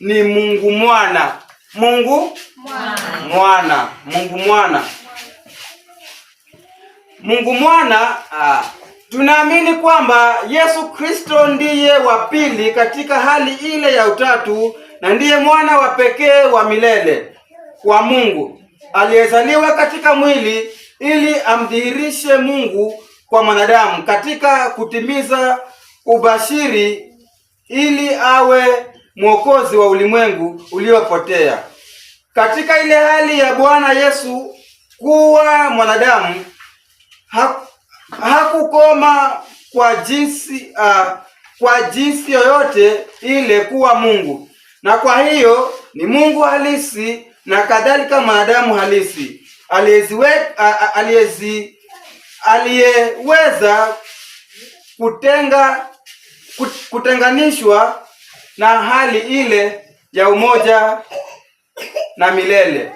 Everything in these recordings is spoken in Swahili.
ni Mungu mwana. Mungu mwana, mwana. Mungu mwana, Mungu mwana. Ah, tunaamini kwamba Yesu Kristo ndiye wa pili katika hali ile ya utatu na ndiye mwana wa pekee wa milele wa Mungu aliyezaliwa katika mwili ili amdhihirishe Mungu kwa mwanadamu katika kutimiza ubashiri ili awe mwokozi wa ulimwengu uliopotea. Katika ile hali ya Bwana Yesu kuwa mwanadamu, hakukoma kwa jinsi uh, kwa jinsi yoyote ile kuwa Mungu, na kwa hiyo ni Mungu halisi na kadhalika mwanadamu halisi aliyeweza kutenga kutenganishwa na hali ile ya umoja na milele.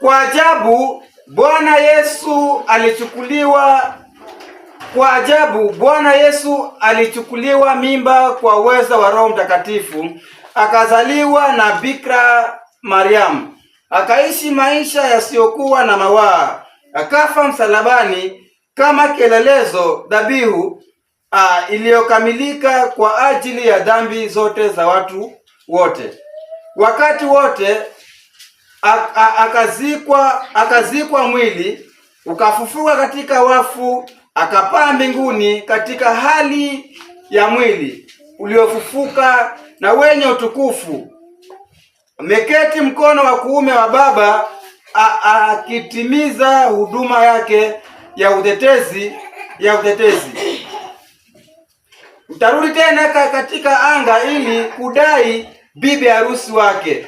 Kwa ajabu Bwana Yesu alichukuliwa kwa ajabu Bwana Yesu alichukuliwa mimba kwa uwezo wa Roho Mtakatifu, akazaliwa na bikra Mariamu, akaishi maisha yasiyokuwa na mawaa, akafa msalabani kama kielelezo dhabihu uh, iliyokamilika kwa ajili ya dhambi zote za watu wote wakati wote. Akazikwa, akazikwa mwili, ukafufuka katika wafu, akapaa mbinguni katika hali ya mwili uliofufuka na wenye utukufu. Ameketi mkono wa kuume wa Baba akitimiza huduma yake ya utetezi ya utetezi utarudi tena katika anga ili kudai bibi harusi wake.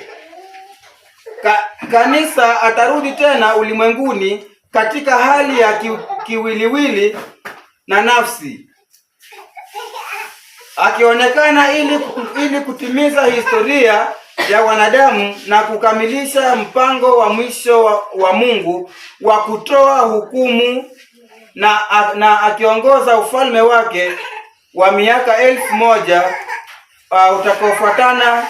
Ka, kanisa atarudi tena ulimwenguni katika hali ya ki, kiwiliwili na nafsi akionekana ili, ili kutimiza historia ya wanadamu na kukamilisha mpango wa mwisho wa, wa Mungu wa kutoa hukumu na, na akiongoza ufalme wake wa miaka elfu moja uh, utakaofuatana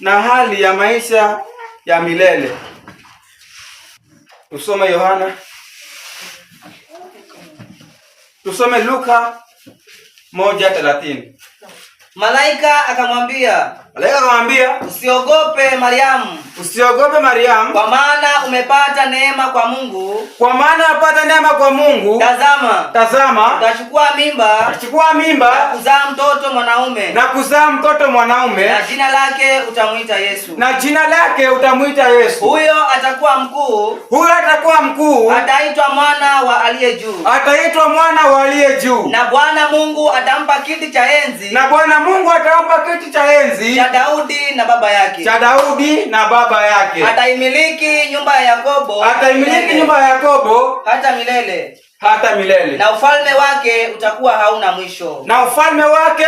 na hali ya maisha ya milele. Tusome Yohana, tusome Luka moja thelathini. Malaika akamwambia Malaika akamwambia, usiogope Mariamu, usiogope Mariamu, kwa maana umepata neema kwa Mungu, kwa maana umepata neema kwa Mungu. Tazama, tazama, utachukua mimba, utachukua mimba na kuzaa mtoto mwanaume, na kuzaa mtoto mwanaume, na jina lake utamwita Yesu, na jina lake utamwita Yesu. Huyo atakuwa mkuu, huyo atakuwa mkuu, ataitwa mwana wa aliye juu, ataitwa mwana wa aliye juu, na Bwana Mungu atampa kiti cha enzi, na Bwana Mungu atampa kiti cha enzi Daudi na baba yake, cha Daudi na baba yake. Ataimiliki nyumba ya Yakobo, ataimiliki nyumba ya Yakobo hata milele, hata milele. Na ufalme wake utakuwa hauna mwisho, na ufalme wake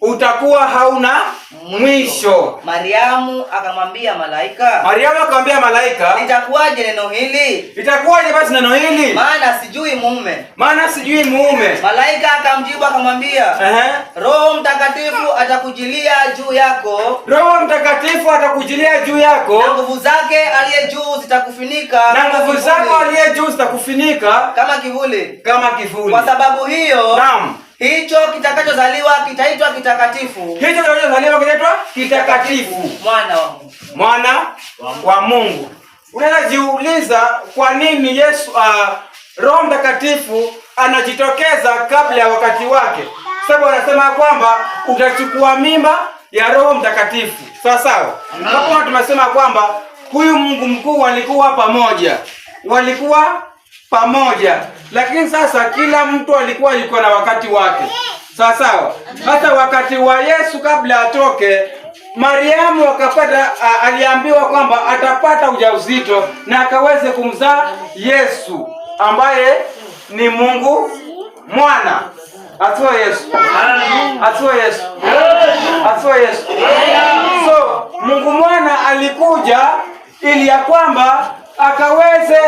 utakuwa hauna mwisho. Mariamu akamwambia malaika, Mariamu akamwambia malaika, itakuwaje neno hili? Itakuwaje basi neno hili? Maana sijui mume, maana sijui mume. Malaika akamjibu akamwambia, uh-huh. Roho Mtakatifu atakujilia juu yako, Roho Mtakatifu atakujilia juu yako, na nguvu zake aliye juu zitakufunika, na nguvu zake aliye juu zitakufunika kama kivuli, kama kivuli. Kwa sababu hiyo, naam Hicho kitakachozaliwa kitaitwa kitakatifu. Hicho kitakachozaliwa kitaitwa kitakatifu, mwana wa Mungu, mwana wa Mungu. Unaweza jiuliza kwa nini Yesu uh, Roho Mtakatifu anajitokeza kabla ya wakati wake, sababu anasema kwamba utachukua mimba ya Roho Mtakatifu, sawa sawa. Tumesema kwamba huyu Mungu mkuu walikuwa pamoja, walikuwa pamoja, lakini sasa kila mtu alikuwa yuko na wakati wake, sawa sawa. Hata wakati wa Yesu kabla atoke Mariamu akapata, aliambiwa kwamba atapata ujauzito na akaweze kumzaa Yesu ambaye ni Mungu mwana. atua Yesu, atuwe Yesu, atuwe Yesu. So Mungu mwana alikuja ili ya kwamba akaweze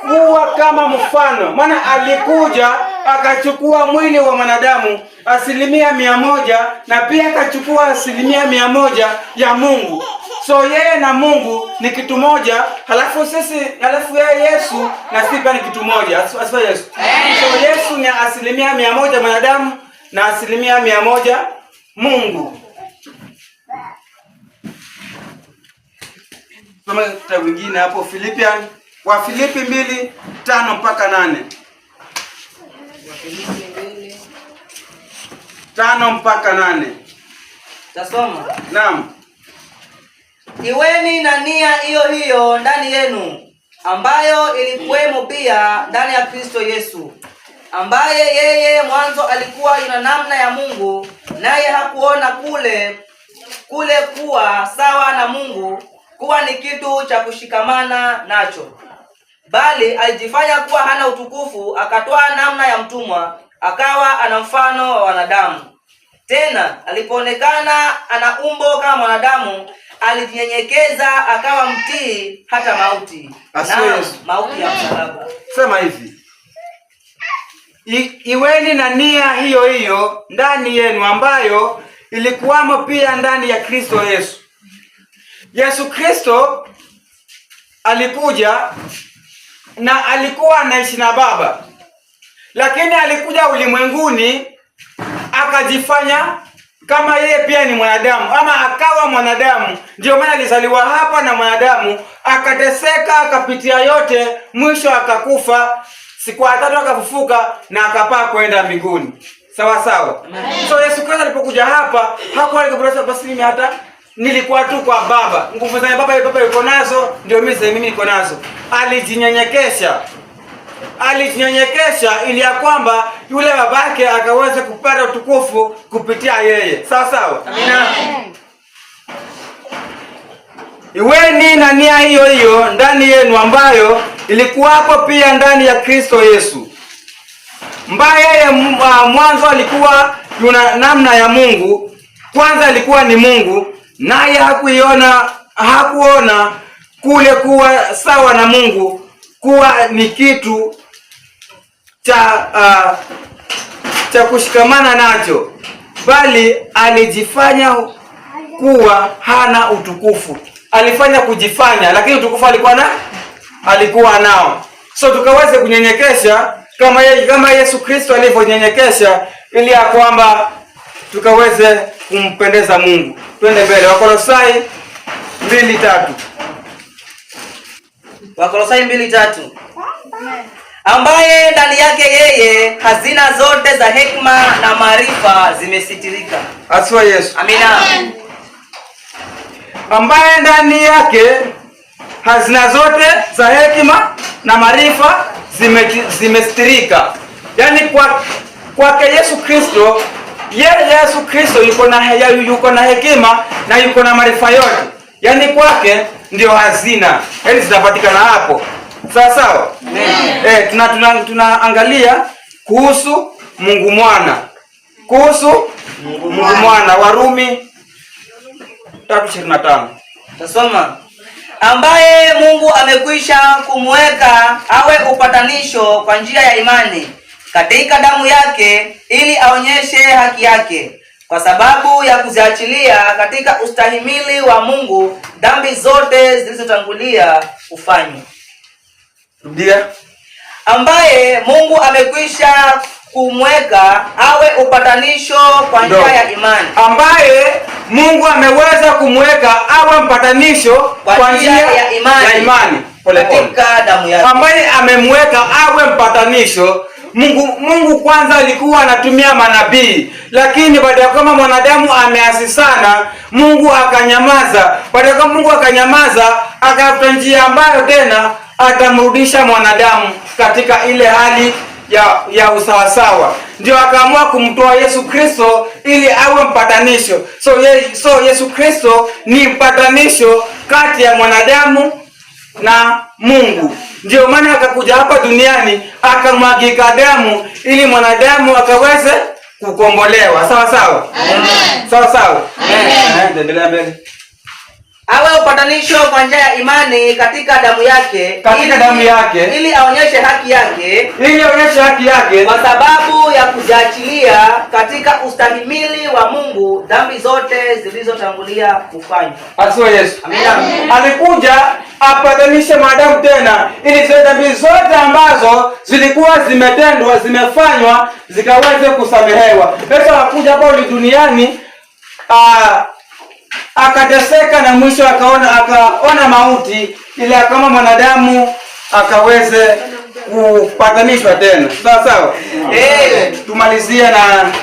kuwa kama mfano, maana alikuja akachukua mwili wa mwanadamu asilimia mia moja na pia akachukua asilimia mia moja ya Mungu. So yeye na Mungu ni kitu moja, halafu sisi, halafu yeye Yesu na sisi pia ni kitu moja, asifa Yesu. So Yesu ni asilimia mia moja mwanadamu na asilimia mia moja Mungu. Soma kitabu kingine hapo Filipian wa Filipi mbili tano mpaka nane tano mpaka nane Tasoma. Naam. Iweni na nia hiyo hiyo ndani yenu ambayo ilikuwemo pia ndani ya Kristo Yesu, ambaye yeye mwanzo alikuwa ina namna ya Mungu, naye hakuona kule kule kuwa sawa na Mungu kuwa ni kitu cha kushikamana nacho, bali alijifanya kuwa hana utukufu, akatoa namna ya mtumwa, akawa ana mfano wa wanadamu. Tena alipoonekana ana umbo kama mwanadamu, alijinyenyekeza akawa mtii hata mauti, na mauti ya msalaba. Sema hivi I, iweni na nia hiyo hiyo ndani yenu ambayo ilikuwamo pia ndani ya Kristo Yesu. Yesu Kristo alikuja na alikuwa anaishi na Baba, lakini alikuja ulimwenguni akajifanya kama yeye pia ni mwanadamu ama akawa mwanadamu. Ndio maana alizaliwa hapa na mwanadamu, akateseka, akapitia yote, mwisho akakufa, siku ya tatu akafufuka na akapaa kwenda mbinguni. Sawa sawa. So Yesu Kristo alipokuja hapa hakuwa alikuboresha basi hata nilikuwa tu kwa baba, nguvu za baba baba yuko nazo, ndio mimi mimi niko nazo. Alijinyenyekesha, alijinyenyekesha ili ya kwamba yule babake akaweze kupata utukufu kupitia yeye, sawa sawa. Amina. Iweni na nia hiyo hiyo ndani yenu ambayo ilikuwapo pia ndani ya Kristo Yesu, mbaye yeye mwanzo alikuwa yuna namna ya Mungu, kwanza alikuwa ni Mungu naye hakuiona hakuona kule kuwa sawa na Mungu kuwa ni kitu cha uh, cha kushikamana nacho, bali alijifanya kuwa hana utukufu. Alifanya kujifanya, lakini utukufu alikuwa na alikuwa nao. So tukaweze kunyenyekesha kama kama Yesu Kristo alivyonyenyekesha ili ya kwamba tukaweze kumpendeza Mungu. Twende mbele, Wakolosai mbili tatu. Wakolosai mbili tatu ambaye ndani yake yeye hazina zote za hekima na maarifa zimesitirika. Asifiwe Yesu. Amina. Amen. Ambaye ndani yake hazina zote za hekima na maarifa zimesitirika, yaani kwake kwa Yesu Kristo yeye Yesu Kristo yuko na yuko na hekima na yuko na maarifa yote, yaani kwake ndio hazina, yaani zinapatikana hapo. Sawa sawa, eh, tuna tunaangalia tuna kuhusu Mungu Mwana, kuhusu Mungu Mwana, Warumi 3:25 tasoma ambaye Mungu amekwisha kumweka awe upatanisho kwa njia ya imani katika damu yake ili aonyeshe haki yake kwa sababu ya kuziachilia katika ustahimili wa Mungu dhambi zote zilizotangulia kufanywa. Rudia. Ambaye Mungu amekwisha kumweka awe upatanisho kwa njia ya imani. Ambaye Mungu ameweza kumweka awe mpatanisho kwa njia ya imani. Ya imani. Katika damu yake. Ambaye amemweka awe mpatanisho Mungu, Mungu kwanza alikuwa anatumia manabii, lakini baada ya kama mwanadamu ameasi sana, Mungu akanyamaza. Baada ya kama Mungu akanyamaza, akafuta njia ambayo tena atamrudisha mwanadamu katika ile hali ya, ya usawasawa. Ndio akaamua kumtoa Yesu Kristo ili awe mpatanisho. So, ye, so Yesu Kristo ni mpatanisho kati ya mwanadamu na Mungu ndio maana akakuja hapa duniani akamwagika damu ili mwanadamu akaweze kukombolewa. Sawa sawa, sawa sawa. Eh, eh, endelea mbele awe upatanisho kwa njia ya imani katika damu yake, katika damu yake, ili aonyeshe haki yake, ili aonyeshe haki yake, kwa sababu ya kujiachilia katika ustahimili wa Mungu dhambi zote zilizotangulia kufanywa. Asifiwe Yesu, Alikuja apatanishe maadamu tena, ili zile dhambi zote ambazo zilikuwa zimetendwa, zimefanywa, zikaweze kusamehewa. Yesu anakuja hapa duniani. Uh, akateseka na mwisho akaona akaona mauti ili kama mwanadamu akaweze kupatanishwa tena. Sawa sawa. Eh, tumalizie na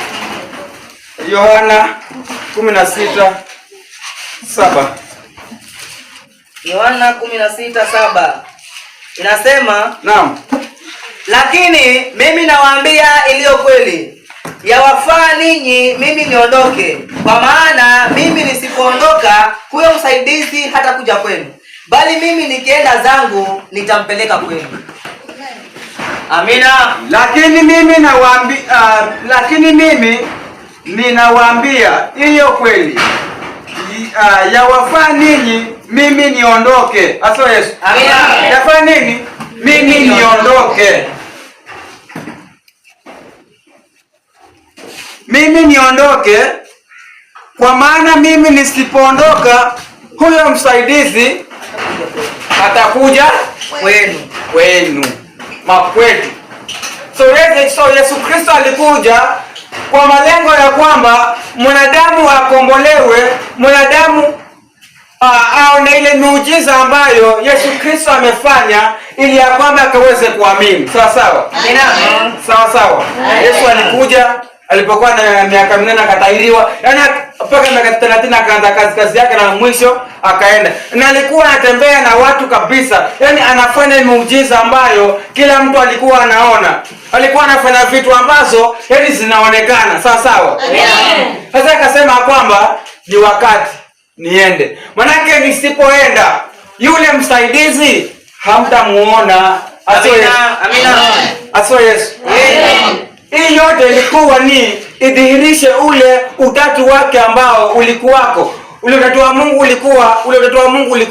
Yohana 16:7. Yohana 16:7. Inasema, naam. Lakini mimi nawaambia iliyo kweli yawafaa ninyi mimi niondoke, kwa maana mimi nisipoondoka huyo msaidizi hata kuja kwenu, bali mimi nikienda zangu nitampeleka kwenu. Amina. Lakini mimi nawaambia, uh, lakini mimi ninawaambia hiyo kweli, uh, yawafaa ninyi mimi niondoke. Aso Yesu. Amina. Yafaa nini mimi niondoke mimi niondoke, kwa maana mimi nisipoondoka huyo msaidizi atakuja kwenu kwenu makwetu. So, so Yesu Kristo alikuja kwa malengo ya kwamba mwanadamu akombolewe, mwanadamu aone ile miujiza ambayo Yesu Kristo amefanya ili ya kwamba akaweze kuamini. Sawa sawa, sawa sawa. Yesu alikuja alipokuwa na miaka minne akatahiriwa, yaani mpaka miaka thelathini akaanza kazi kazi yake na mwisho akaenda, na alikuwa anatembea na watu kabisa, yaani anafanya miujiza ambayo kila mtu alikuwa anaona. Alikuwa anafanya vitu ambazo yaani zinaonekana sawa sawa. Sasa akasema kwamba ni wakati niende, manake nisipoenda yule msaidizi hamtamuona, asio Yesu. Amina. Yesu. Amina. Hii yote ilikuwa ni idhihirishe ule utatu wake ambao ulikuwako. Ule utatu wa Mungu ulikuwa ule utatu wa Mungu ulikuwa